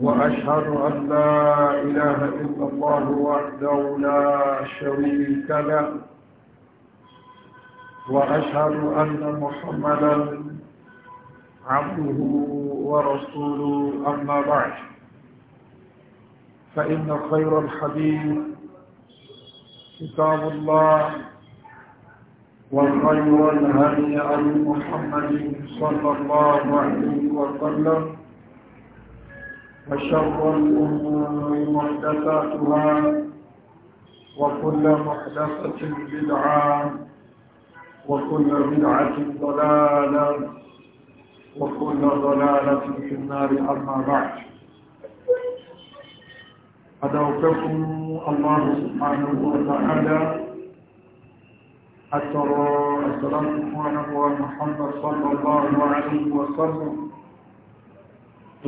وأشهد أن لا إله إلا الله وحده لا شريك له وأشهد أن محمدا عبده ورسوله أما بعد فإن خير الحديث كتاب الله وخير الهدي محمد صلى الله عليه وسلم وشر الأمور محدثاتها وكل محدثة بدعة وكل بدعة ضلالة وكل ضلالة في النار أما بعد أدعوكم الله سبحانه وتعالى أترى أسرار محمد صلى الله عليه وسلم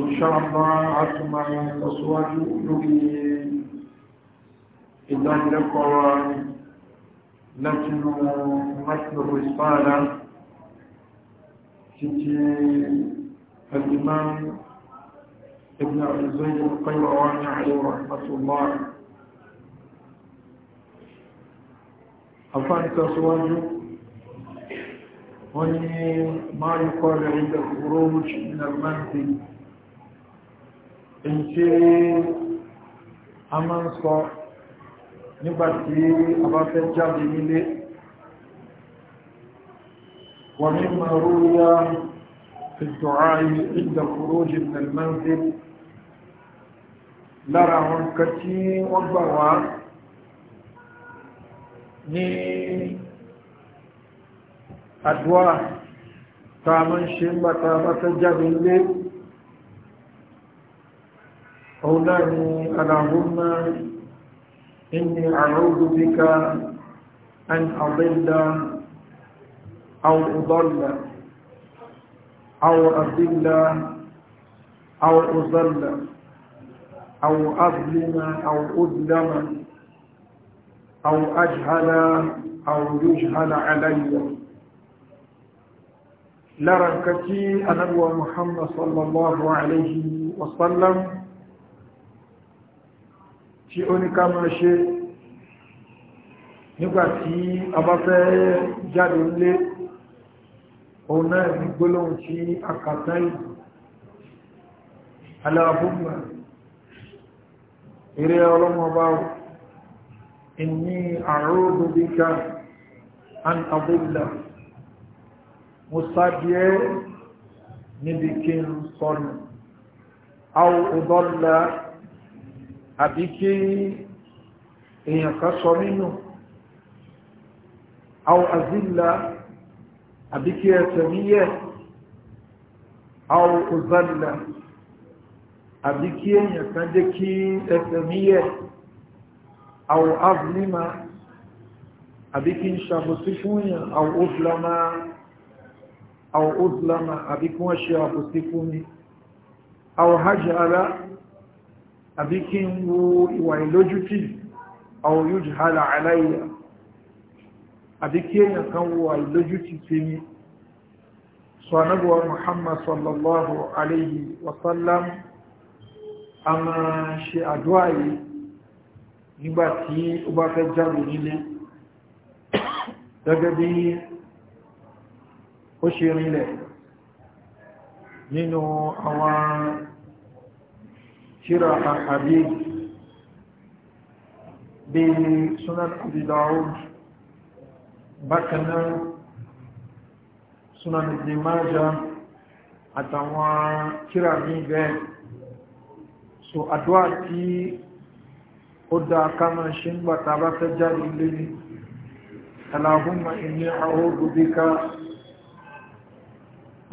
ìṣàmà àtùmà ìtọ̀síwájú lórí ìdánilẹ́kọ̀ọ́ látinú mẹ́sìlò ìspáàdá títí الإمام ابن أبي زيد القيرواني عليه رحمة الله أفعل تسواجه وني ما يقال عند الخروج من المنزل èyí tí a máa ń sọ nígbàtí a bá fẹ́ jáde nílé wà ní maruya fìtòráyí ìdàkúrò jìnnàlmánzé lára àwọn nǹkan tí wọ́n gbà wá ní àdúrà tá máa ń ṣe ń bàtà bá fẹ́ jáde nílé أولاني اللهم إني أعوذ بك أن أضل أو أضل أو أضل أو أضل أو أظلم أو أظلم أو أجهل أو يجهل علي لركتي أنا محمد صلى الله عليه وسلم tí ó ní ká máa ṣe nígbàtí a bá fẹ́ jáde nílé òun náà ní gbólóhùn tí a kà táyì aláàbùnmà eré ọlọ́mọba inni a'udhu bika an mo sáàdìẹ́ níbi kí n sọ́nù àwọn òdọ́lá àbí kí èèyàn kan sọ nínú àwọn azílá àbí kí ẹsẹ̀ níyẹ̀ àwọn òzàlá àbí kí èèyàn kan jẹ́ kí ẹsẹ̀ níyẹ̀ àwọn avlima àbí kí n ṣàbòsí fún èèyàn àwọn òzlama àwọn òzlama àbí kí wọ́n ṣe àbòsí fún mi àwọn hajj àbí kí ń wo ìwà ìlójútì àwọn yóò jìhálà aláyà àbí kí èyàn kan wo àìlójútì tí ní sọ anábọ̀wà muhammad sallallahu alayhi wasallam a máa ṣe àdúwà yìí nígbàtí ó bá fẹ́ jáde nílé gẹ́gẹ́ bí ó ṣe rinlẹ̀ nínú àwọn شرح حبيب بسنن أبي داود بكنا سنن ابن ماجه àtàwọn kíra ní bẹ́ẹ̀ so àdúwà tí ó dá kánà ṣe ń gbàta bá fẹ́ jáde lé ní aláhùnmà inni a'udhu bika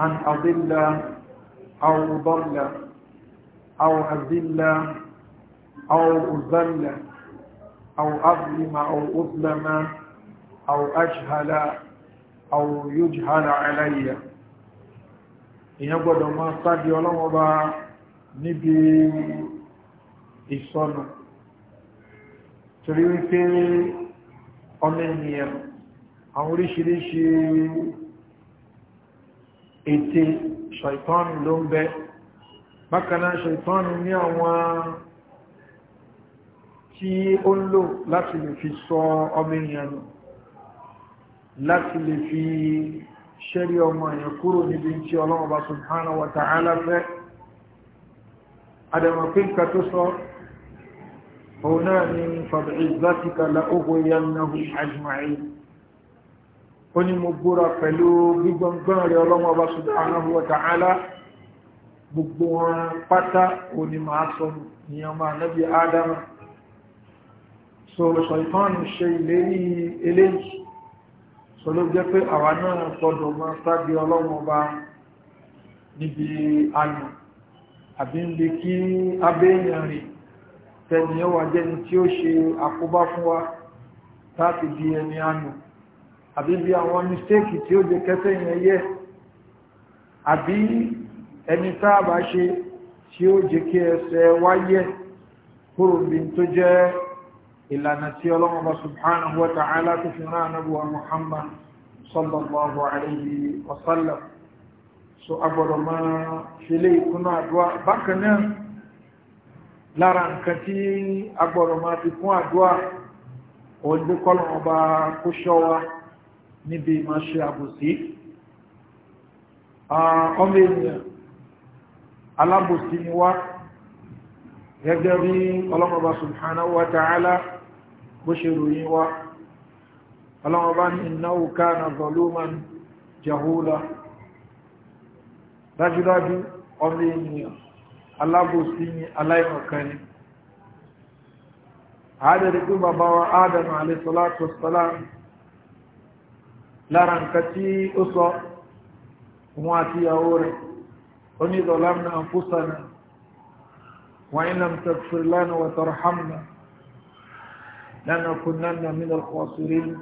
an adilla aw dalla أو أذلة أو أذلة أو أظلم أو أظلم أو أجهل أو يجهل علي ìyẹn gbọ́dọ̀ máa sáàdì ọlọ́wọ́ bá níbi ìsọ́nà torí wípé ọmọ ènìyàn àwọn oríṣiríṣi ète ṣàìtọ́nù ló ń bẹ́ẹ̀ bákaná ṣaitọ́nù ní àwọn tí ó ń lò láti lè fi sọ ọmọ èèyàn nù láti lè fi ṣẹ́rí ọmọ èèyàn kúrò níbi tí ọlọ́wọ́ bá subhanahu wa ta'ala fẹ́ adẹ̀mọ̀pínká tó sọ òun náà ni fabi'izzatika gbogbo wọn pátá òní máa sọ ní ọmọ anábí adama so ṣọ̀ìtánù ṣe ìlérí eléyìí so ló jẹ́ pé àwa náà gbọdọ̀ máa sáàbí ọlọ́run ọba níbi ayọ̀ àbí ń bí kí abéèyàn rìn àbí ẹni táàbà ṣe tí ó jẹ́ kí ẹsẹ̀ wáyé kúrò bí tó jẹ́ ìlànà tí ọlọ́mọba subhanahu wa ta'ala tó fi rán anábùwà muhammad sallallahu alayhi wa sallam so agbọ́dọ̀ máa ṣe lè kúnnà àdúwà bákan náà lára nǹkan tí agbọ́dọ̀ máa fi kún àdúwà òǹdé kọlọ̀ọba kó ṣọ́wá níbi máa ṣe àbòsí ah, ọmọ ènìyàn alábòsí ni wá gẹ́gẹ́ bí ọlọ́mọba subhanahu wa ta'ala bó ṣe ròyìn wá ọlọ́mọba ní innahu kana zaluman jahula dájúdájú ọmọ ènìyàn alábòsí ni aláìmọ̀kan ni àádẹ́rí pé bàbá wa Adam alayhi salatu قل ظلمنا أنفسنا وإن لم تغفر لنا وترحمنا لنكونن من الخاسرين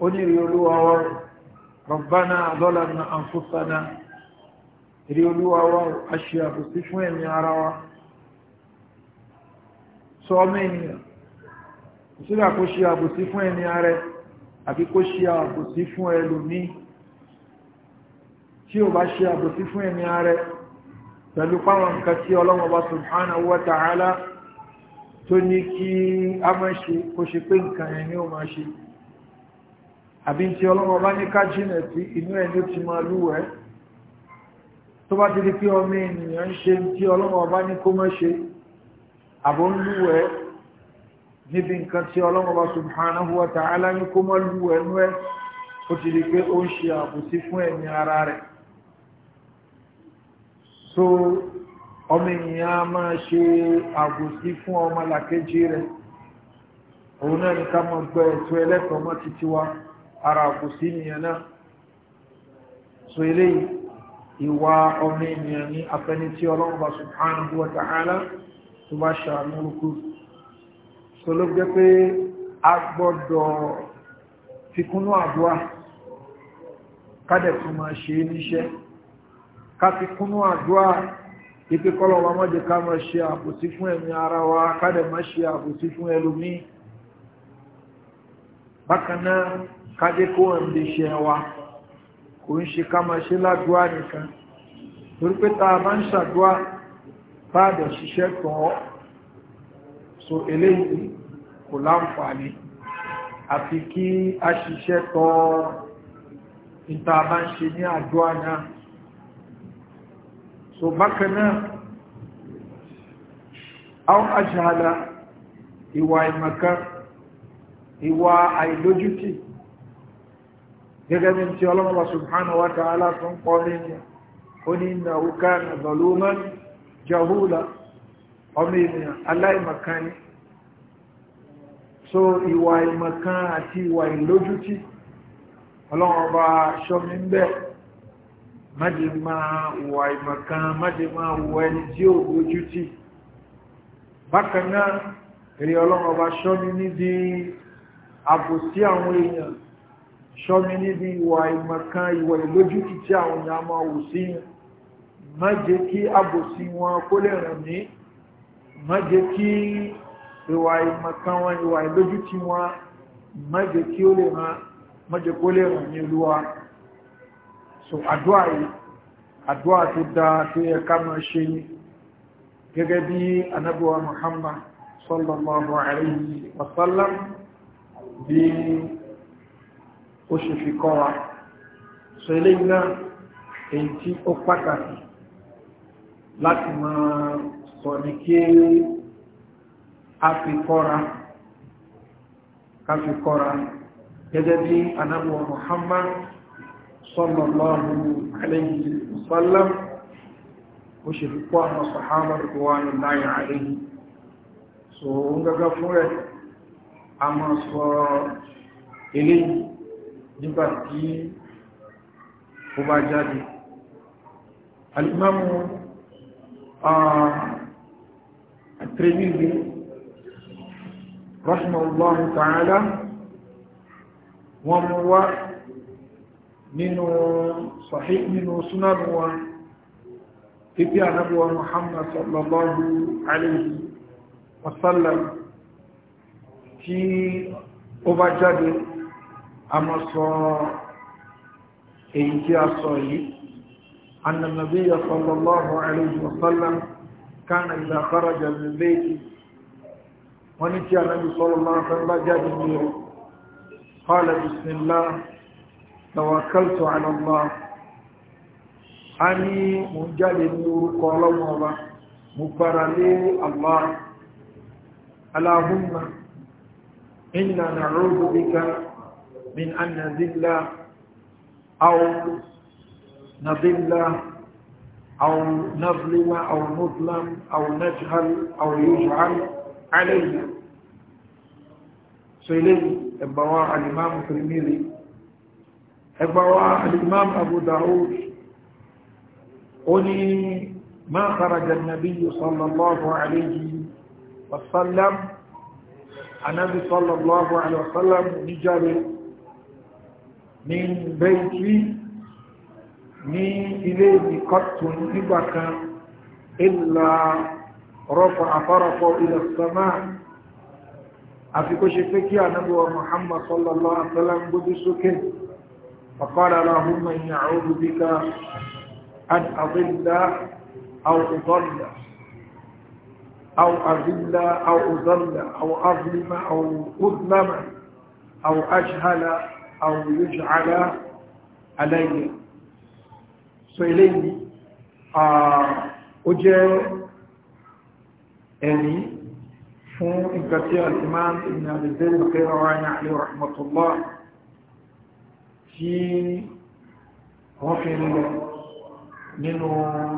قل يلوى ربنا ظلمنا أنفسنا يلوى أشياء بسيشوين يا روا سومين sílẹ̀ kó ṣe àbòsí fún ẹni ààrẹ àbí kó ṣe àbòsí fún ẹlòmíì tí ó bá ṣe àbòsí fún ẹ̀mí ààrẹ pẹ̀lú páwọn nǹkan tí ọlọ́wọ́ bá subhanahu wa ta'ala tó ní kí a máa ṣe kó ṣe pé nǹkan ẹ̀ ní ó máa ṣe àbí tí ọlọ́wọ́ bá ní ká jìnà sí inú ẹ̀ ló ti máa lúwẹ̀ tó bá ti di pé ọmọ ènìyàn ṣe tí ọlọ́wọ́ bá ní kó má ṣe àbò ń lúwẹ̀ níbi nǹkan tí ọlọ́wọ́ bá subhanahu wa ta'ala ní kó má lúwẹ̀ ó ti di pé ó ń ṣe àbòsí fún ẹ̀mí ara rẹ̀ so ọmọ ènìyàn a máa ṣe àgùsí fún ọmọ làkejì rẹ òun náà ní ká mọ gbẹ wa ara àgòsí nìyẹn náà so eléyìí ìwà ọmọ ènìyàn ní afẹnití ọlọ́run bá subhanahu wa ta'ala tó bá ṣàánú so ló gbé pé a fikúnú àdúrà káti kúnú àdúrà ipe kọ́lọ̀ wa mọ́jẹ ká mọ́ ṣe àbòsí fún ẹ̀mí ara wa kádẹ̀ mọ́ ṣe àbòsí fún ẹlòmí bákanáà kájẹ́ kó ẹ̀ lè ṣe ẹwà kò ń ṣe ká mọ́ ṣe ládùá nìkan torí pé ta bá ń ṣàdúà báàdẹ̀ ṣiṣẹ́ tán ọ́ so eléyìí kò láǹfààní àfi kí a ṣiṣẹ́ tán ìta bá ń ṣe ní àdúà náà so bákan náà àwọn aṣàhàdà ìwà ìmọ̀kan ìwà àìlójútì gẹ́gẹ́ bí tí ọlọ́mọba subhanahu wa ta'ala tó ń kọ́ lẹ́yìn oní innahu kana zaluman jahula ọmọ ènìyàn aláìmọ̀kan ni so ìwà ìmọ̀kan àti ìwà ìlójútì ọlọ́mọba ṣọ́mi ń bẹ́ẹ̀ máde máa wà ìmọ̀kan máde máa wà ẹni tí ó ojú tí bákan náà èrè ọlọ́run ọba ṣọ́mi níbi àbòsí àwọn èèyàn ṣọ́mi níbi ìwà ìmọ̀kan ìwà ìlójú tí tí àwọn èèyàn máa wù sí má jẹ́ kí àbòsí wọn kó lè ràn mí má kí ìwà ìmọ̀kan wọn ìwà ìlójú tí wọn má kí ó lè ràn má kó lè ràn mí olúwa so àdúrà yìí àdúrà tó dáa tó yẹ ká máa ṣe ní gẹ́gẹ́ bí anábíwa Muhammad sallallahu alayhi wa sallam bí ó ṣe fi kọ́ wa so eléyìí náà èyí tí ó pàtàkì láti máa sọ ní kí a fi kọ́ra gẹ́gẹ́ bí anábíwa Muhammad sallallahu alayhi wa sallam ó ṣe fi kó àwọn sàhábà rẹ̀wọ́nù láyé àríhì so ń gaga fún rẹ̀ a ma sọ ilé nígbàtí ó bá jáde alimamu àtìrẹ́bìnrin rahimahullahu ta'ala wọ́n mú nínú sahih nínú súnánù wọn pípí ànábíwa muhammad sallallahu alayhi wasallam tí ó bá jáde a mọ́ sọ èyí tí a sọ yìí أن النبي صلى الله عليه وسلم كان إذا خرج من بيته ونجي النبي صلى الله عليه وسلم جاء قال بسم الله tàwàkàlùtù àlọ́mọ́ a ní mò ń jáde ní orúkọ ọlọ́mọ ọba mo fara lé Allah aláhùnmá inna na'udhu bika min an nadilla aw nadilla aw nadlima aw nudlam aw najhal aw yujhal alayna so ilayhi ẹ̀bàwà al-imam ẹgbàwà al'imam abu da'ud ó ní ma kharaja nabi sallallahu alayhi wasallam anabi sallallahu alayhi wasallam níjàre ní bayti ní ilé ìkọtún nígbàkan illa rọ́fà afárafọ́ ila as-samaa àfikóṣe pé kí anabi wa muhammad sallallahu alayhi wasallam gbójú sókè فقال اللهم إني أعوذ بك أن أضل أو أضل أو أذل أو أضل أو أظلم أو أظلم أو أجهل أو يجعل علي سئلين أجل أني فون إنكتير الإمام ابن أبي زيد القيرواني عليه رحمة الله tí wọ́n fi nílẹ̀ nínú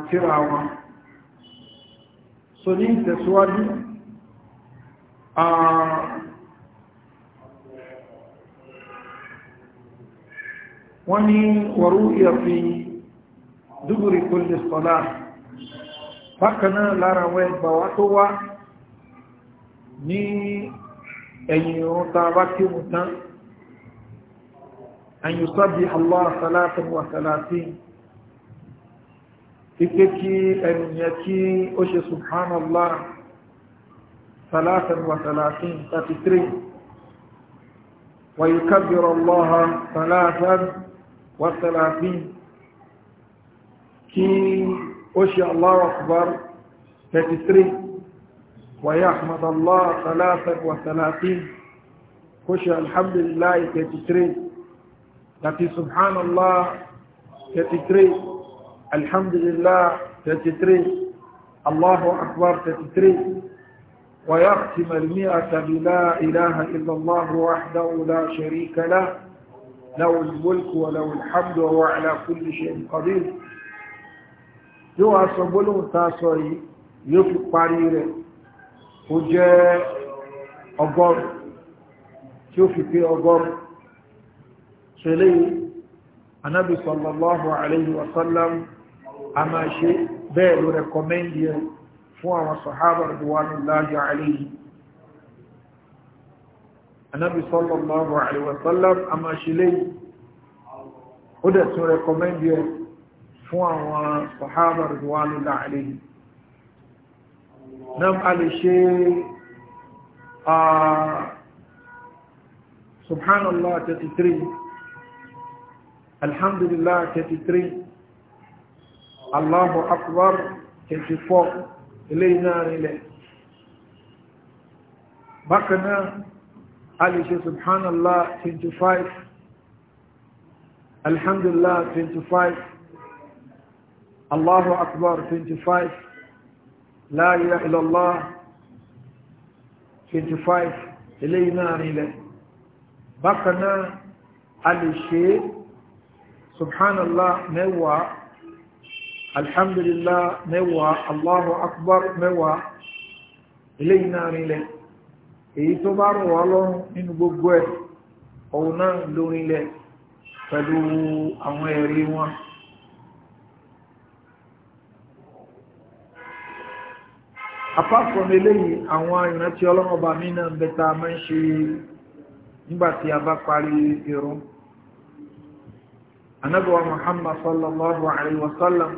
tíra wọn so ní ìtẹ̀síwájú wọ́n ní wọ̀rú ìyàfi dúgbùrí kúlù sọ́lá bákaná lára wọ́n ẹgbà wá tó wá ní ẹ̀yìn ohun bá kí mú tán an yusabbiha Allah salatan wa salatin ike kí ẹnìyàn kí ó ṣe subhanallah salatan wa salatin 33 wa yukabbiru Allah salatan wa salatin kí ó ṣe Allahu akbar 33 ويحمد الله ثلاثا وثلاثين خشى الحمد لله 33 That is subhanallah 33, alhamdulillah 33, Allahu Akbar 33. ويختم المئة بلا إله إلا الله وحده لا شريك له له الملك وله الحمد وهو على كل شيء قدير yóò wá sọ gbólóhùn tá a sọ yìí yóò fi parí rẹ̀ ó jẹ́ ọgọ́rùn-ún tí ó fi pé ọgọ́rùn-ún ṣẹlẹ̀ anábì sallallahu alayhi wa sallam a máa ṣe bẹ́ẹ̀ ló rẹ̀kọ́mẹ́ndì ẹ fún àwọn sọ̀hábà radwanullahi alayhi anábì sallallahu alayhi wa sallam a máa ṣe lẹ́yìn ó dẹ̀ tún rẹ̀kọ́mẹ́ndì ẹ fún àwọn nam a lè ṣe ah, subhanallah 33 alhamdulillah 33 allahu akbar 34 eléyìí náà nílẹ̀ bákan náà a lè ṣe subhanallah 25 alhamdulillah 25 allahu akbar 25 la ilaha illallah 25 eléyìí náà nílẹ̀ bákan náà a lè ṣe subhanallah mẹ́wàá alhamdulillah mẹ́wàá allahu akbar mẹ́wàá ilé iná rinlẹ̀ èyí tó bá rọ̀ wá lọ́rùn ẹ̀ ọ̀hún náà lórinlẹ̀ pẹ̀lú àwọn ẹ̀rí wọn apart from eléyìí àwọn ìrántí náà máa ń ṣe a bá parí anábíwá muhammad sallallahu alayhi wa sallam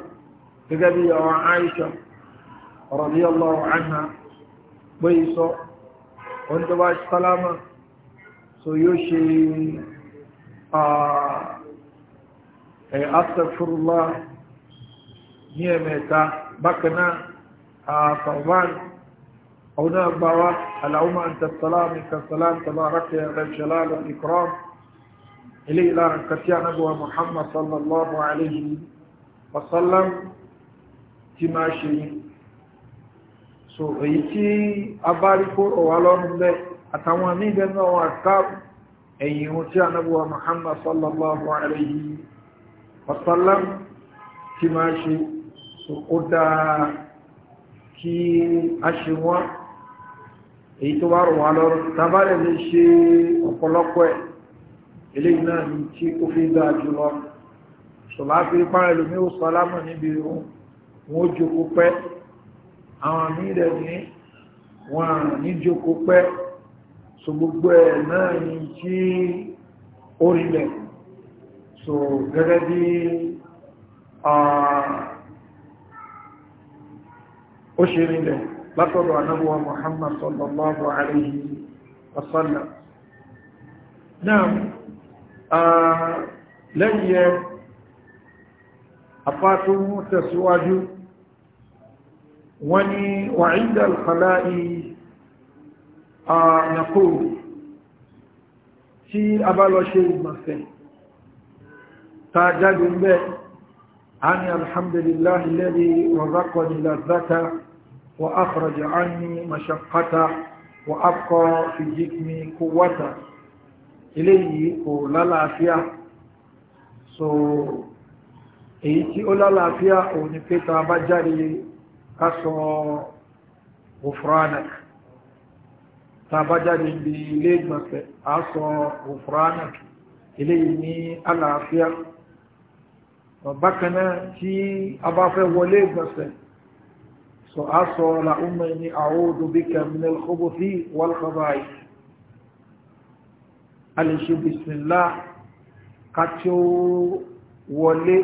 gẹ́gẹ́ bí ọwọ́ aisha radiyallahu anha pé sọ oúnjẹwà sálámà so yóò ṣe astaghfirullah ní ẹ̀mẹ̀ta bákanáà àfàwọn أو نبوة اللهم أنت السلام كالسلام تبارك يا ذا الجلال والإكرام eléyìí lára nǹkan tí anábọ̀wá muhammad sallallahu alayhi wa sallam ti máa ṣe yìí so èyí tí a bá rí kó ọ̀wá lọ́rùn bẹ́ẹ̀ àtàwọn amíbẹ̀ náà wà káàbù ẹ̀yìn ohun tí anábọ̀wá muhammad sallallahu alayhi wa sallam ti máa ṣe so ó dáa kí a ṣe wọ́n èyí tó bá rọ̀ wá lọ́rùn tàbá lè ṣe ọ̀pọ̀lọpọ̀ ẹ̀ eléyìí náà ni tí ó fi ń dáa jùlọ ṣọlá fi pàrọ̀ lómi ó sọlámù níbi irun wọn ó jókòó pẹ́ àwọn àmì rẹ̀ ní wọn àrùn ní jókòó pẹ́ so gbogbo ẹ̀ náà ni tí ó rinlẹ̀ so gẹ́gẹ́ bí ó ṣe rinlẹ̀ látọ̀dọ̀ anábọ̀wà Muhammad sallallahu alayhi Wasallam. sallam náà lẹ́yìn ẹ apá tó mú tẹ̀síwájú wọ́n ni wa'inda al-khala'i naqul tí a bá lọ ṣe ìgbọ̀nsẹ̀ ta jáde ń bẹ́ a ni alhamdulillah alladhi razaqani lazzata wa akhraja anni wa abqa fi jismi eléyìí kò lálàáfíà so èyí tí ó lálàáfíà òun ni pé ta bá jáde ká sọ òfúránà ta bá jáde bí ilé ìgbọ̀nsẹ̀ á sọ òfúránà eléyìí ní àlàáfíà bákan tí a bá fẹ́ wọlé ìgbọ̀nsẹ̀ so á sọ làúmọ̀ ní a'udhu bika minal khubuthi wal khaba'ith a lè ṣe bisimilá ká tí ó wọlé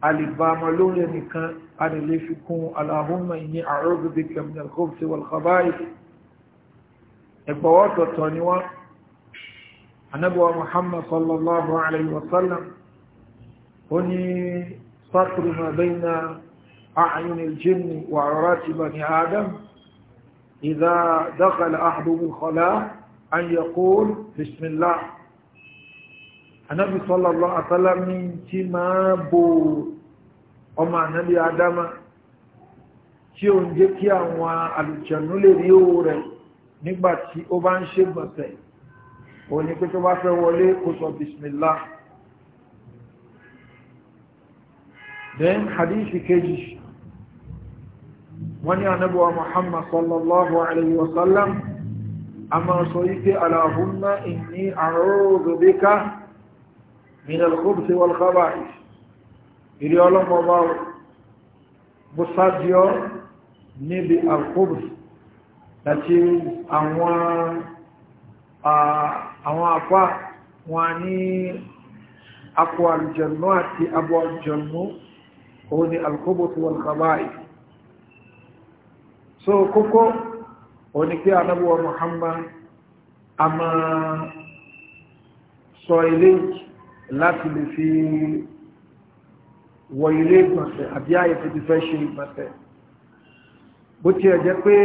a lè bá ọmọ lórí ẹnìkan a lè lè fi kún aláhùnmọ̀ ìní àrọ́gbẹ̀bẹ̀ kẹmìnàl kọ́bùsí wàlùkọ́báyì ẹgbọ̀wọ́ tọ̀tọ̀ ni wọ́n anábọ̀wọ́ muhammad sallallahu alayhi wa sallam ó ní sátúrù ma bẹ́yìnà ààyùn bisimilá anábì sallallahu alaihi wasallam tí máa bo ọmọ anábì adama tí ó ń jẹ́ kí àwọn àlùjànnú lè rí owó rẹ̀ nígbàtí ó bá ń ṣe gbọ̀nsẹ̀ ó ní pé tó bá fẹ́ wọlé kó then hadithi kejì wọ́n ní anábì wa muhammad sallallahu alaihi wasallam a máa sọ wípé aláhùnmá ìní àrọ́rọ̀dọ̀bẹ́ká minalkubsi walkhaba ìrí ọlọ́mọba busadio níbi alkubsi àti àwọn apá wọn ní akọ aljannu àti abọ aljannu òun ni alkubsi walkhaba so kókó ó ní pé anábíwá Muhammad a máa sọ ilé láti lè fi wọ ilé ìgbọ̀nsẹ̀ àbí àyè tó ti fẹ́ ṣe ìgbọ̀nsẹ̀ bó tiẹ̀ jẹ́ pé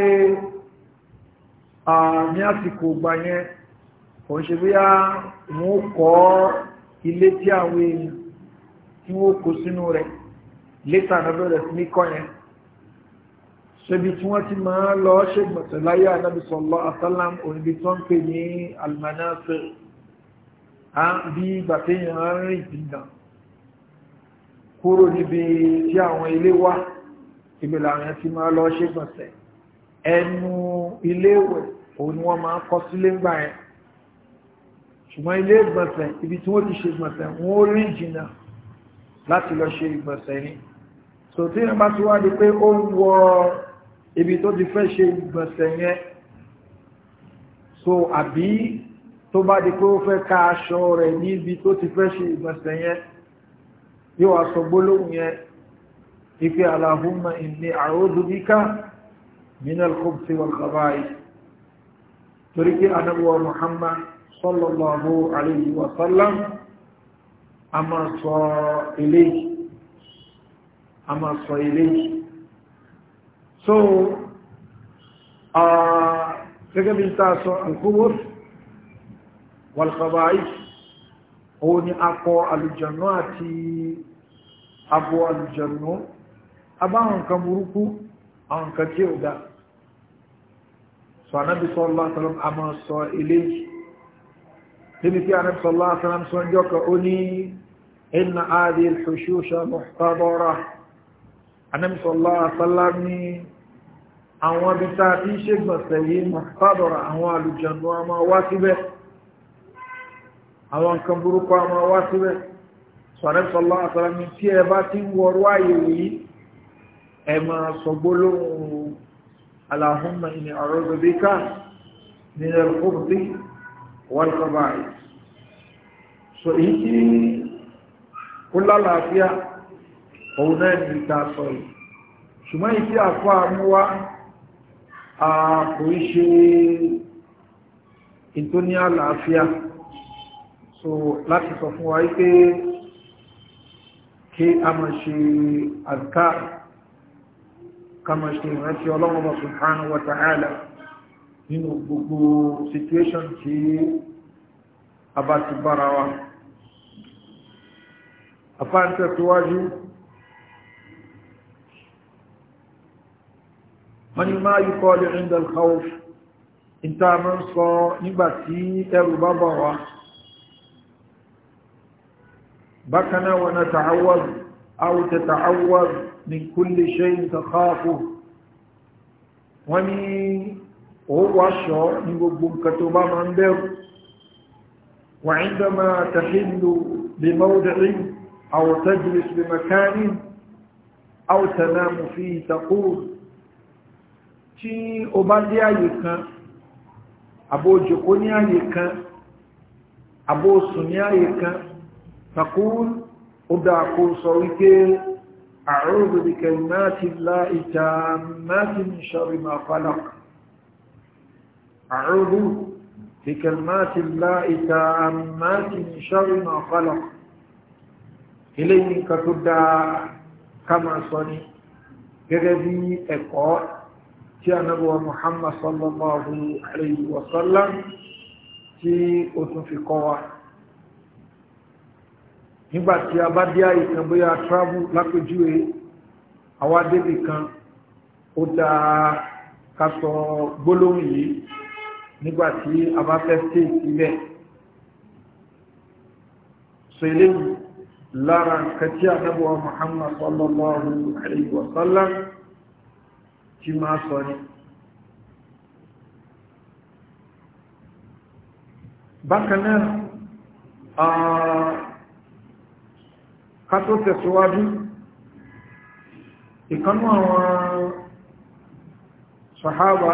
ní àsìkò ìgbà yẹn kò ń ṣe bí wọ́n kọ́ ilé tí àwọn èèyàn tí wọ́n kó sínú rẹ̀ létà náà bẹ̀rẹ̀ sí ní kọ́ yẹn ṣebi tí wọ́n ti máa lọ ṣègbọ̀nsẹ̀ láyé ànábì sallallahu alaihi wasallam òníbi tó ń pè ní almanasir a ń bí ìgbà téèyàn á rìn jìnnà kúrò níbi tí àwọn ilé wà ìgbèlà àwọn ti máa lọ ṣègbọ̀nsẹ̀ ẹnu iléèwẹ̀ òun ni wọ́n máa kọ́ sílé ńgbà yẹn ṣùgbọ́n ilé ìgbọ̀nsẹ̀ ibi tí wọ́n ti ṣe ìgbọ̀nsẹ̀ wọ́n rìn jìnnà láti lọ ṣe ìgbọ̀nsẹ̀ ni so tí pé ó ń wọ ibi tó ti fẹ́ ṣe ìgbọ̀nsẹ̀ yẹn so àbí tó bá di pé ó fẹ́ ká aṣọ rẹ̀ níbi tó ti fẹ́ ṣe ìgbọ̀nsẹ̀ yẹn yóò aṣọ gbólóhùn yẹn ipe aláhùnmá inni a'udhu bika minal khubthi wal khaba'ith sọ eléyìí a so uh, gẹ́gẹ́ bí ta sọ alkubur walkhaba'is òun ni akọ alùjẹ̀nú àti abo alùjẹ̀nú abáhùn kan burúkú àwọn kan tí ó dá so anábi sọ́lá sọ́lọ́m a máa sọ ilé níbi tí anábi sọ́lá sọ́lọ́m sọ jọ́ ka ó ní inna adil hushusha muhtadara anábi sọ́lá sọ́lọ́m ni àwọn abita tí í ṣe gbọ̀nsẹ̀ yìí mọ̀fádọ̀rọ̀ àwọn àlùjànnú a máa wá síbẹ̀ àwọn nǹkan burúkú a máa wá síbẹ̀ sọ̀rẹ́sọ̀lá àtàràmì tí ẹ bá ti ń wọrú ààyè yìí ẹ máa sọgbó lóhun aláhùnmá ìní ọ̀rọ̀ gbẹ̀bíkà nínú ẹ̀kọ́bùtì ṣùgbọ́n ìdí àfọ́ àmúwá kò ń ṣe ìtò ní so láti sọ fún wa wípé kí a mọ̀ ṣe àdíká ká mọ̀ ṣe ìrántí ọlọ́wọ́n bá subhanahu wa nínú gbogbo situation tí a bá ti bára wa afáǹtẹ̀ tó wájú wọ́n ni máa yíkọ́ lè rindal khawf ìta mọ́ sọ nígbàtí ẹrù bá bọ̀ wá bákaná wọn tààwọ̀rù àwùtẹ̀ tààwọ̀rù ní kúlè ṣe ìtàkàáfò wọ́n ni ó وعندما تحل بموضع أو تجلس بمكان أو تنام فيه تقول tí o bá dé àyè kan àbò òjòkó ní àyè kan àbò òsùn ní àyè kan takún ó dá kó sọ wípé a'udhu bi kalimatillahi tammati min sharri ma khalaq a'udhu bi kalimatillahi tammati min sharri ma khalaq ilé yìí kan tó dáa ká máa sọ ní gẹ́gẹ́ bí ẹ̀kọ́ tí a nábọ̀wà Muhammad sallallahu alayhi wa sallam tí ó tún fi kọ́ wa nígbàtí a bá dé àyè kan bóyá travel lápéjúwe àwọn adébì kan ó dáa ká sọ gbólóhùn yìí nígbàtí a bá fẹ́ stay síbẹ̀ so lára nǹkan tí a nábọ̀wà Muhammad sallallahu alayhi wa sallam tí máa sọ ní bákanáà ká tó tẹ̀síwájú ìkanú àwọn sàhábà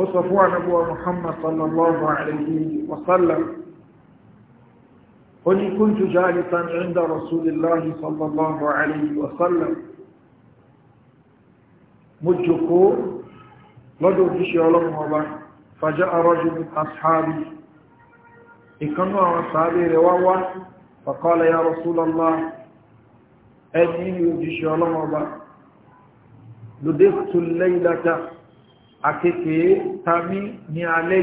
ó sọ fún ànábúwa muhammad sallallahu alayhi wa sallam ó ní kúntù jálìtàn inda sallallahu alayhi wa sallam mo jòkó lọ́dọ̀ òjíṣẹ́ ọlọ́run ọba fàjá arọ́jú ní asáàbí ìkanú àwọn sàábé rẹ̀ wá wá fàkọ́lá ya rọ́súlọ́lá ẹni ní òjíṣẹ́ ọlọ́run ọba lòdé tún lẹ́ìlàta akéèké tàmí ní alẹ́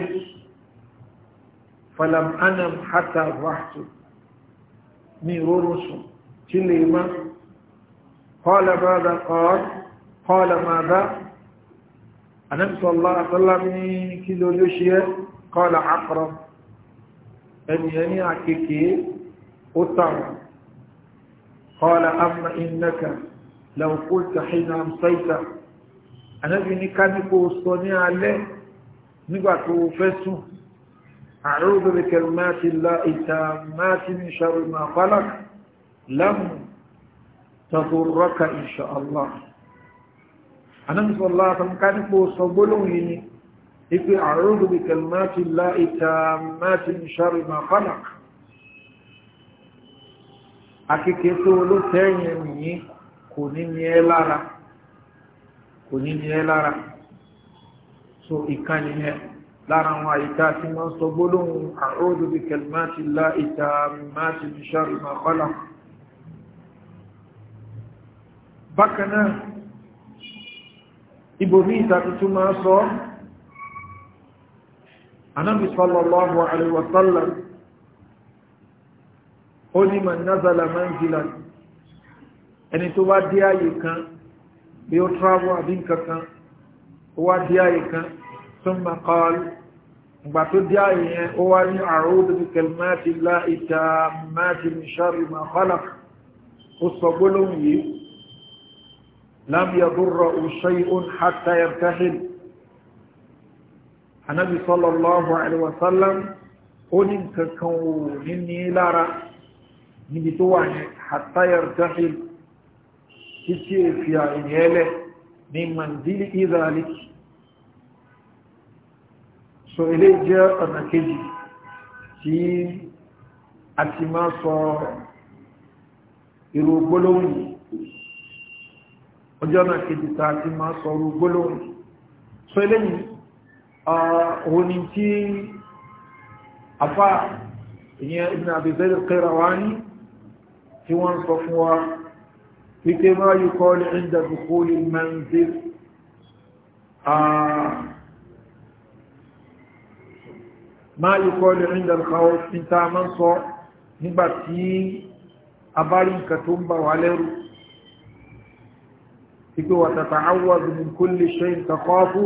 falam anam hata qala ma bá anábìsọ̀lá àtọ́lá ní kí ló ló ṣe ẹ́ qala aqrab ẹnìyàn ní àkèké ó tàwọn qala amma innaka law qulta hina amsayta anábì ní ká ní kó sọ ní alẹ́ nígbà tó fẹ́ sùn أعوذ الله التامات من شر ما خلق لم تضرك إن شاء الله anábìsọ̀lá àtàmká nípo sọgbólóhùn yìí ni ipe àrùdù bí kẹlmáti láìta máti ṣàrì máa kọ́nà akẹ́kẹ́ tó ló tẹ́yìn yìí kò ní ní ẹ lára kò ní ní ẹ lára so ìkànnì yẹn lára àwọn àyíká tí wọ́n sọ gbólóhùn àrùdù bí kẹlmáti láìta máti ṣàrì máa kọ́nà bákan ibòmí ìtàtútù máa sọ anábi sallallahu alaihi wasallam ó ní ma nazala manzilan ẹni tó wá dé ààyè kan bí ó travel àbí nkankan ó wá dé ààyè kan thumma qala ìgbà tó dé ààyè yẹn ó wá ní a'udhu bi kalimati llahi tammati min sharri ma lam yadurru shay'un hatta yartahil anabi sallallahu alaihi wasallam ó ní kankan wò ní ní lára níbi tó wà ní hatta yartahil títí èfi àìyẹ́lẹ̀ ní mandili idalik so ilé jẹ́ ọ̀nà kejì tí a ti máa sọ irú gbólóhùn yìí ọjọ́ náà kejì ta ti máa sọ̀rọ̀ gbólóhùn so eléyìn òní tí afá ìyẹn ibn abizal al-Qayrawani tí wọ́n sọ fún wa wípé máa yí kọ́ ní inda dukhul al-manzil máa yí kọ́ ní inda al-khawf nígbàtí abárí nǹkan tó ń bà wà lẹ́rù ìpé wà tàtà áwọ́dù ní kó lè ṣe ìtàkọ́fù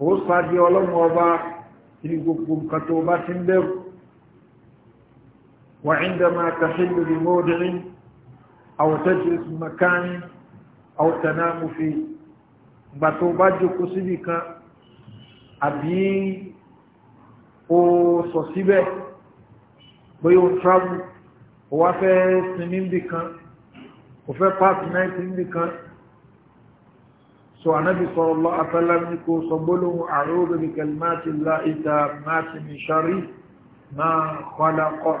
ó sáàdì ọlọ́run ọba ní gbogbo nǹkan tó bá ti ń bẹ̀rù wà ìndàmà tàṣílù ní mọ́dìrín àwọ̀tẹ́jìs makani àwọ̀tẹ̀námùfì gbà tó kan so anabi sallallahu alaihi wasallam ní kó sọ gbólóhùn a'udhu bi kalimati llahi tammati min sharri ma khalaqa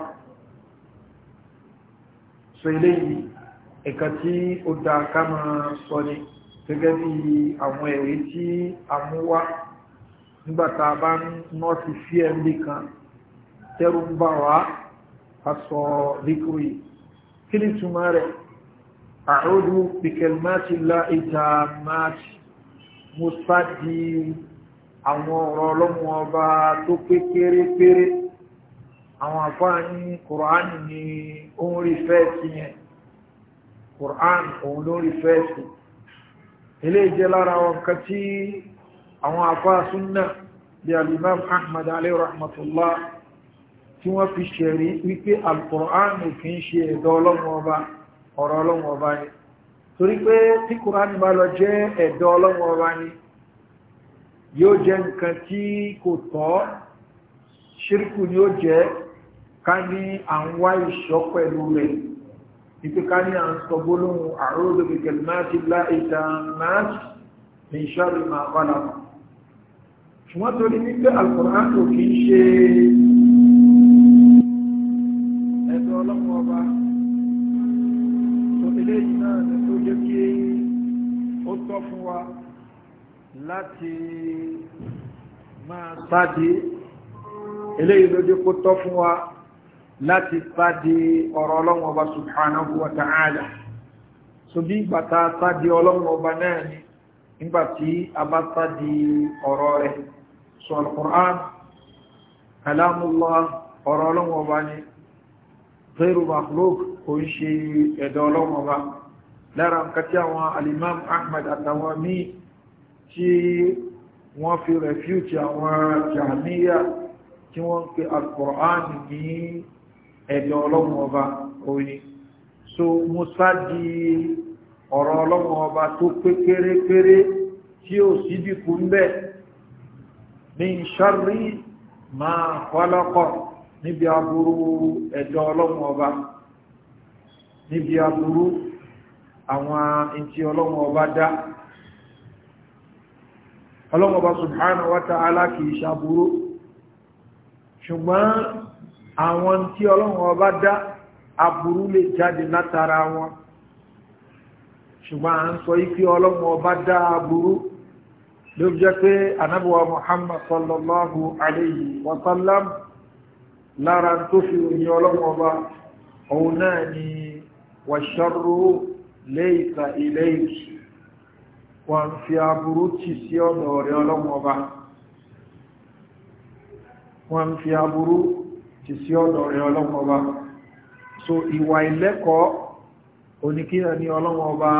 so eléyìí ẹ̀ka tí ó dá ká máa sọ ni gẹ́gẹ́ bí àwọn ẹ̀rí tí a mú wá nígbàtà bá ń nọ́ọ̀tì sí ẹ̀mí kan tẹ́rù ń bà wá a sọ ríkúrì kí ni túmọ̀ rẹ̀ أعوذ بكلمات الله التامات mo sáàdì àwọn ọ̀rọ̀ ọlọ́mọ ọba tó pé kérépéré àwọn àfáà ní kùránì ni ó ń rí fẹ́ẹ̀sì yẹn kùránì òun ló ń rí fẹ́ẹ̀sì ilé ìjẹ́ lára ọ̀kan tí àwọn àfáà súnnà bí alimam ahmad alayhi rahmatullah tí wọ́n fi ṣẹ̀rí wípé alkùránì kì í ṣe ẹ̀dọ́ ọlọ́mọ ọba ọ̀rọ̀ ọlọ́run ọba ni torí pé tí kùránì bá lọ jẹ́ ẹ̀dọ́ ọlọ́run ọba ni yóò jẹ́ nǹkan tí kò tọ́ ṣírkù ni ó jẹ́ ká ní à ń wá ìṣọ́ pẹ̀lú rẹ̀ ipe ká ní à ń sọ gbólóhùn àròdò kẹkẹlì máa ti lá ìta máa ní ìṣọ́rí máa bá lápá ṣùgbọ́n torí wípé alkùnrin kò kí ń ṣe láti máa sáde eléyìí lójú kó tọ́ fún wa láti sáde ọ̀rọ̀ ọlọ́run ọba subhanahu wa ta'ala so bí ìgbà tá a sáde ọlọ́run ọba náà ni nígbà tí a bá sáde ọ̀rọ̀ rẹ̀ sọ alukur'an kalamullah ọ̀rọ̀ ọlọ́run ọba ni zairu makhluk kò ń ṣe ẹ̀dọ̀ ọlọ́run ọba lára nǹkan tí àwọn alimam ahmed àtàwọn míì tí wọ́n fi rẹ̀fíùtì àwọn jàmíyà tí wọ́n ń pe alkùrán ní ẹ̀dọ̀ ọlọ́run oyin so musa di ọ̀rọ̀ ọlọ́run ọba tó pé kéré-kéré tí ó sì dìkú ń bẹ̀ ní ṣárí máa kọ́lọ́kọ̀ níbi aburú ẹ̀dọ̀ ọlọ́run níbi aburú àwọn ìntí ọlọ́run dá ọlọ́mọba subhanahu wa ta'ala kìí ṣàbúrú ṣùgbọ́n àwọn tí ọlọ́mọba dá aburú lè jáde látara wọn ṣùgbọ́n à ń sọ ikú ọlọ́mọba dá aburú ló jẹ́ pé anábíwá muhammad sallallahu alayhi wa sallam lára tó fi òyìn ọlọ́mọba òun náà ni wàṣọ́rú laysa ilayki wọ́n fi aburú tì sí ọ̀dọ̀ ọ̀rẹ́ ọlọ́wọ́n ọba wọ́n fi aburú tì sí ọ̀dọ̀ ọ̀rẹ́ ọlọ́wọ́n so ìwà ìlẹ́kọ̀ọ́ oníkíyà ní ọlọ́wọ́n ọba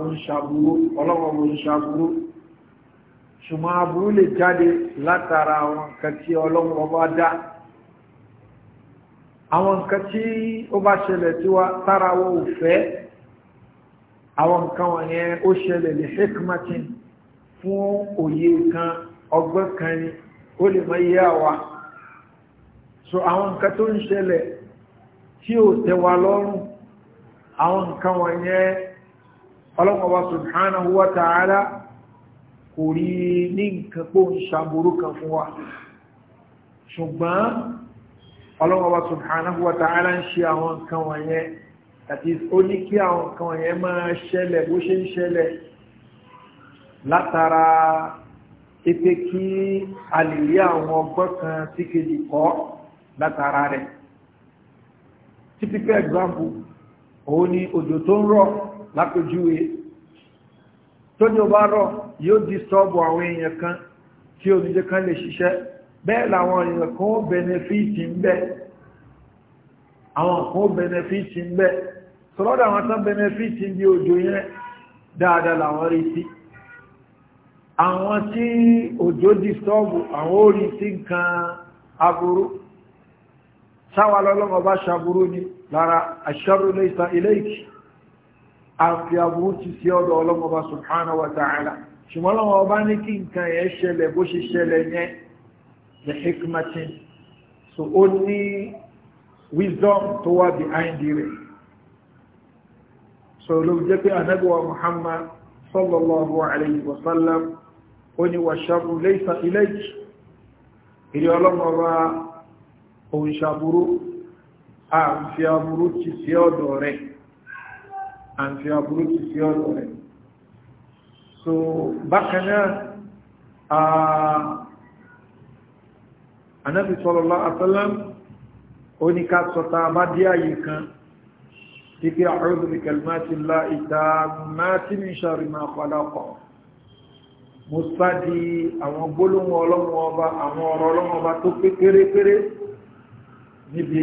oníṣàbúrú ọlọ́wọ́n oníṣàbúrú ṣùgbọ́n aburú lè jáde látara àwọn nǹkan tí ọlọ́wọ́n ọba dá àwọn nǹkan tí ó bá ṣẹlẹ̀ tí wa tára wọ́n ò fẹ́ àwọn nǹkan wọ̀nyẹn ó ṣẹlẹ̀ lè hekmatin fún òye kan ọgbọ́n kan ni ó lè mọ iye àwa so àwọn nǹkan tó ń ṣẹlẹ̀ tí ò tẹ́wa lọ́rùn àwọn nǹkan wọ̀nyẹn ọlọ́mọba subhanahu wa ta'ala kò rí ní nǹkan pò ń ṣàbúrú kan fún wa ṣùgbọ́n ọlọ́mọba subhanahu wa ta'ala ń ṣe àwọn nǹkan wọ̀nyẹn àti ó ní kí àwọn kan yẹn máa ṣẹlẹ̀ bó ṣe ń ṣẹlẹ̀ látara pípé kí a lè rí àwọn ọgbọ́n kan tí kejì kọ́ látara rẹ̀ typical example òun ni òjò tó ń rọ̀ lápèjúwe tójò bá rọ̀ yóò disturb àwọn èèyàn kan tí oníjẹ́ kan lè ṣiṣẹ́ bẹ́ẹ̀ làwọn èèyàn kan ó benefit ń bẹ́ẹ̀ àwọn kan benefiti ń bẹ́ sọ́lọ́dà wọn tán benefiti ń bí òjò yẹn dáadáa làwọn rí sí àwọn tí òjò disturb àwọn orí sí nǹkan aburú sáwà lọ́lọ́mọ bá ni lára aṣọ́rù lẹ́sà ilé ìkì àfi aburú ti sí ọ̀dọ̀ ọlọ́mọ bá subhanahu wa ta'ala ṣùgbọ́n lọ́wọ́ ní kí nǹkan yẹn ṣẹlẹ̀ bó ṣe so ó ní wisdom tó wà behind rẹ̀ so ló jẹ́ pé anábíwa muhammad sallallahu alayhi wa sallam ó ní wà ṣàbù laysa ilayk ilé ọlọ́mọba òun ṣàbúrú àfi aburú ti sí ọ̀dọ̀ rẹ̀ àfi aburú ti sí ọ̀dọ̀ rẹ̀ so bákan náà anábí sallallahu alayhi wa sallam oníká sọta bá dí ààyè kan tí pé a'udhu bi kalimatillahi tammati min sharri ma khalaqa mo sáàdì àwọn gbólóhùn ọlọ́run ọba àwọn ọ̀rọ̀ ọlọ́run ọba tó pé pérépéré níbi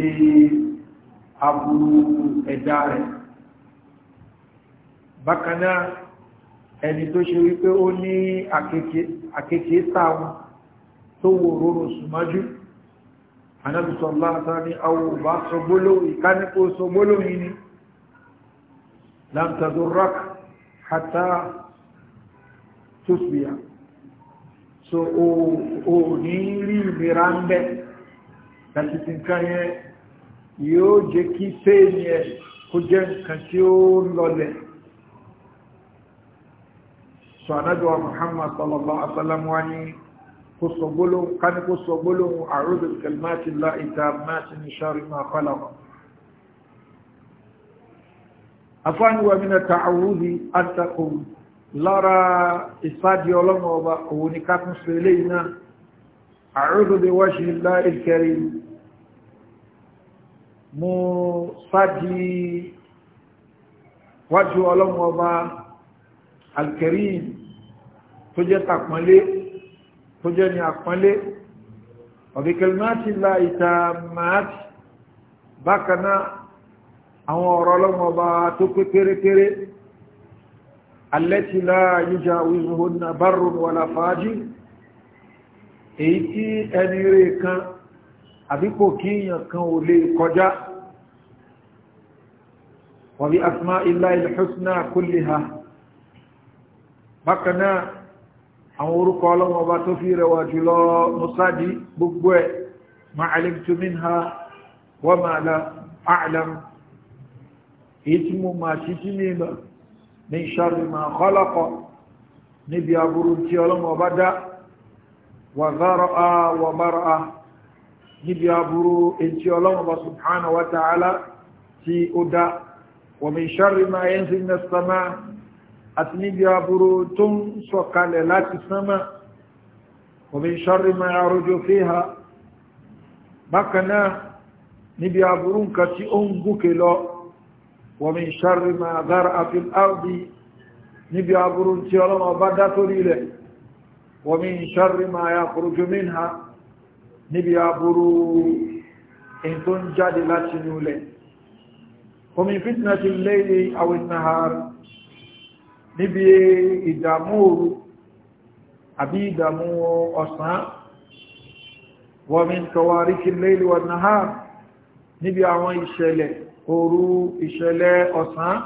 aburú ẹ̀dá rẹ̀ bákan náà ẹni tó ṣe wípé ó ní àkekèé táwọn tó wò rórun sùmájú anábìsọ̀lá àtàrí àwòbá sọgbólówó ìkáníkó sọgbólówó ni lámtàdúrák hàtà tóṣbìyà so o ní rí ìmìíràn ń bẹ́ láti ti nǹkan yẹn yóò jẹ́ kí fèèyàn ẹ̀ kó jẹ́ nǹkan tí ó lọlẹ̀ so anábìwá muhammad sallallahu alaihi wa sallam wá ní kó sọ gbólóhùn kání kó sọ gbólóhùn a'udhu bi kalimati llahi tammati min sharri ma khalaq afáàní wa mina ta'awudhi àtàkùn lára ìsáàdì ọlọ́mọ ọba òun ni ká tún sọ eléyìí náà a'udhu bi tó jẹ́ ní àpọ́nlé ọ̀bíkẹlmáàtì la ìta máàtì bákaná àwọn ọ̀rọ̀ ọlọ́mọba tó pé kéré alẹ́tì la yíjà wíhùnà bárùn wàlà fàájì èyí tí ẹni rẹ̀ kan àbíkò kíyàn kan ò lè kọjá wàbí asmá ilá ilẹ̀ husna kulliha bákanáà àwọn orúkọ ọlọ́wọ́ bá tó fi rẹwà jùlọ musadi gbogbo ẹ̀ ma alimtu minha wa ma la a'lam èyí tí mo máa ṣí sí mímọ̀ ní sharri ma khalaqa níbi aburú tí ọlọ́wọ́ bá dá wa dhara'a wa bara'a níbi aburú tí ọlọ́wọ́ bá subhanahu wa ta'ala tí ó dá wa min sharri ma yanzilu minas sama' àti níbi aburú tó ń sọ̀kalẹ̀ láti sánmà òbí ṣọ́rí ma àrójò fi ha bákanáà níbi aburú nǹkan tí ó ń gúkè lọ wọ̀mí ṣọ́rí ma dára àfi áàbí níbi aburú tí ọlọ́mọ bá dá torí rẹ̀ wọ̀mí ṣọ́rí ma ya kúrújú mìíràn níbi aburú in tó ń jáde láti nulẹ̀ ومن فتنة الليل أو النهار níbi ìdààmú òru àbí ìdààmú ọ̀sán wa min kawarikil layli wan nahar níbi àwọn ìṣẹ̀lẹ̀ òru ìṣẹ̀lẹ̀ ọ̀sán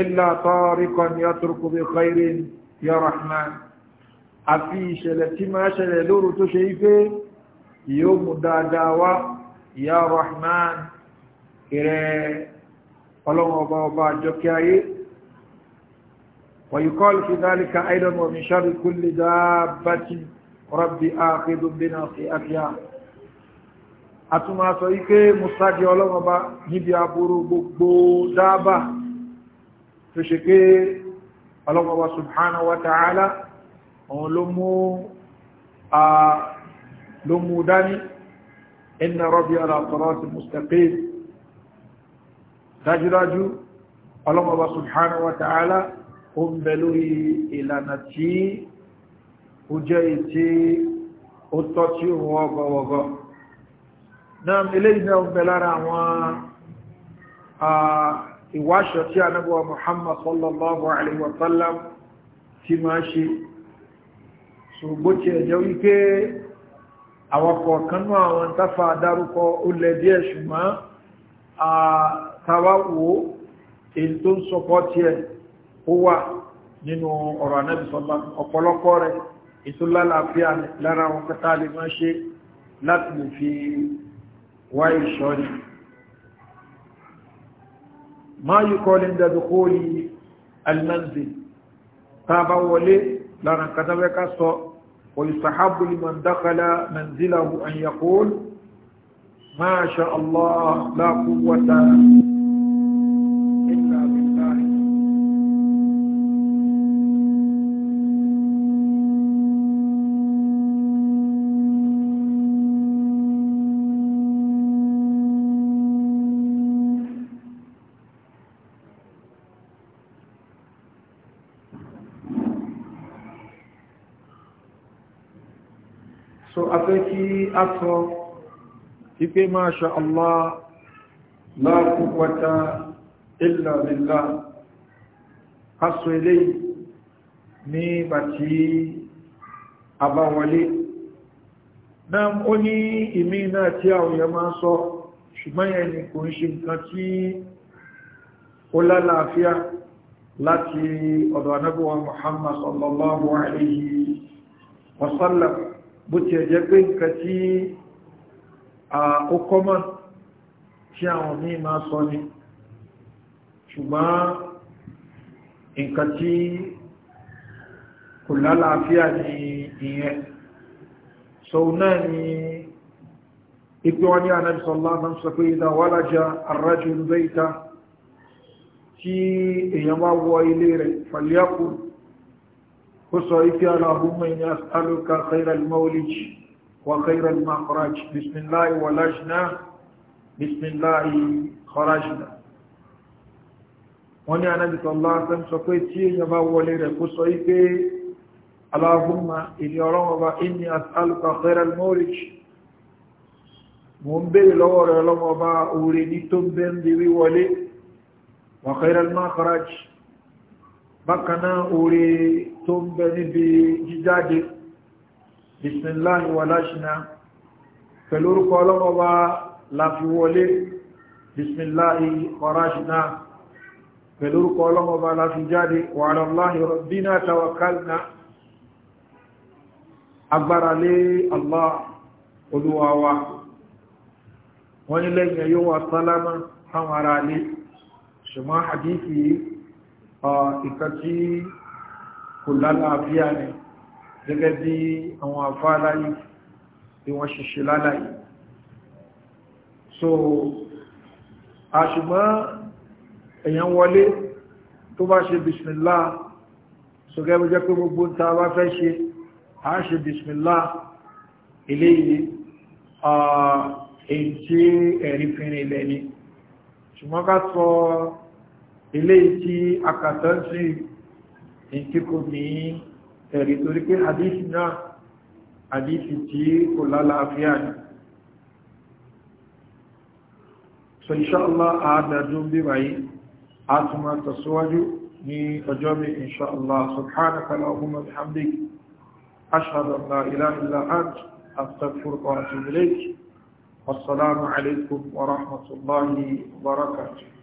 illa tariqan yatruku bi khairin ya rahman àfi ìṣẹ̀lẹ̀ tí máa ṣẹlẹ̀ lóru tó ṣe ipé yóò mú dáadáa wá ya rahman ọlọ́wọ́ ọba ọba àjọkẹ́ ayé ويقال في ذلك أيضا ومن شر كل دابة ربي آخذ بناصيتها atuma sọ ike musadi ọlọ́wọ́ bá níbi aburú gbogbo dábà tó ṣe pé ọlọ́wọ́ bá subhanahu wa ta'ala òun ló mú dání inna rabbi ala sirati mustaqim dájúdájú ọlọ́wọ́ bá subhanahu wa ta'ala ó ń bẹ lórí ìlànà tí ó jẹ́ ìtí ó tọ́ tí ó wọ́n gọ́gọ́gọ́ náà ilé ìdá ń bẹ lára àwọn ìwáṣọ tí a nábọ̀ Muhammad sallallahu alaihi wasallam ti máa ṣe ṣùgbọ́n tí ẹ̀jẹ́ wípé àwọn kọ̀ọ̀kanú àwọn tafà dárúkọ ó lẹ díẹ̀ ṣùgbọ́n àtàwáwò èyí tó ń sọpọ́ tí ẹ̀ ó wà nínú ọ̀rọ̀ Ànábì sallallahu alaihi wasallam ọ̀pọ̀lọpọ̀ rẹ̀ ìtúlálàáfíà lára wọn kẹta lè máa ṣe láti lè fi wá ìṣọ́ ni máa yí kọ́ ní dẹ̀dùkú ní almanzi ta bá wọlé lára katabẹ́ ká sọ ويستحب لمن a sọ wípé masha Allah la quwwata illa billah a sọ eléyìí ní bàtí àbáwọlé náà ó ní ìmí náà tí àwọn èèyàn máa sọ ṣùgbọ́n yẹn ni kò ń ṣe nǹkan tí ó lálàáfíà láti ọ̀dọ̀ anábíwa Muhammad sallallahu alaihi wasallam bó ti ẹ̀jẹ́ pé nǹkan tí ó kọ́mọ̀ tí àwọn ní máa sọ ni ṣùgbọ́n nǹkan tí kò lálàáfíà ni ìyẹn so náà ni ipe wọn ní Ànábì sallallahu alaihi sọ pé idha walaja ar-rajulu bayta tí èèyàn bá wọ ilé rẹ̀ falyaqul وصعيك اللهم إني أسألك خير المولج وخير المخرج بسم الله ولجنا بسم الله خرجنا wọ́n ní anábìtọ̀ lásán sọ pé tí èyàn bá wọlé rẹ̀ kó sọ ipé aláhùnmá ìní ọlọ́mọba inni as'aluka khairal mọ́ríj mo ń bèèrè lọ́wọ́ rẹ̀ ọlọ́mọba orí ní tó ń bẹ́ ń bí wíwọlé wà khairal makhraj bákaná orí tó ń bẹ níbi jíjáde bismillahi wa láṣínà pẹ̀lú orúkọ ọlọ́mọba láfiwọlé bismillahi wa ráṣínà pẹ̀lú orúkọ ọlọ́mọba láfijáde wa ala Allahi rabbina tawakkalna agbára lé Allah olúwa wa wọ́n ní lẹ́yìn ẹ̀yọ́ wa sálámà fáwọn ará lé ṣùgbọ́n àdífì uh, ìkàtí kò lálàáfíà ni gẹ́gẹ́ bí àwọn àfá aláyé bí wọ́n ṣiṣẹ́ lálàyé so àṣùgbọ́n èyàn wọlé tó bá ṣe bismillah so gẹ́gẹ́ jẹ́ pé gbogbo ń ta bá fẹ́ ṣe a ṣe bismillah ilé yìí èyí tí ẹ̀rí fìrin ilẹ̀ ni ṣùgbọ́n ká sọ ilé tí akàtọ́ sí tí kò ní ẹ̀rí torí pé hadith náà hadith tí kò lálàáfíà ní so inṣáàlá àádájú bí wáyé a tún máa tàṣíwájú ní ọjọ́ bí inṣáàlá subhanaka allahumma bihamdik ashhadu wa atubu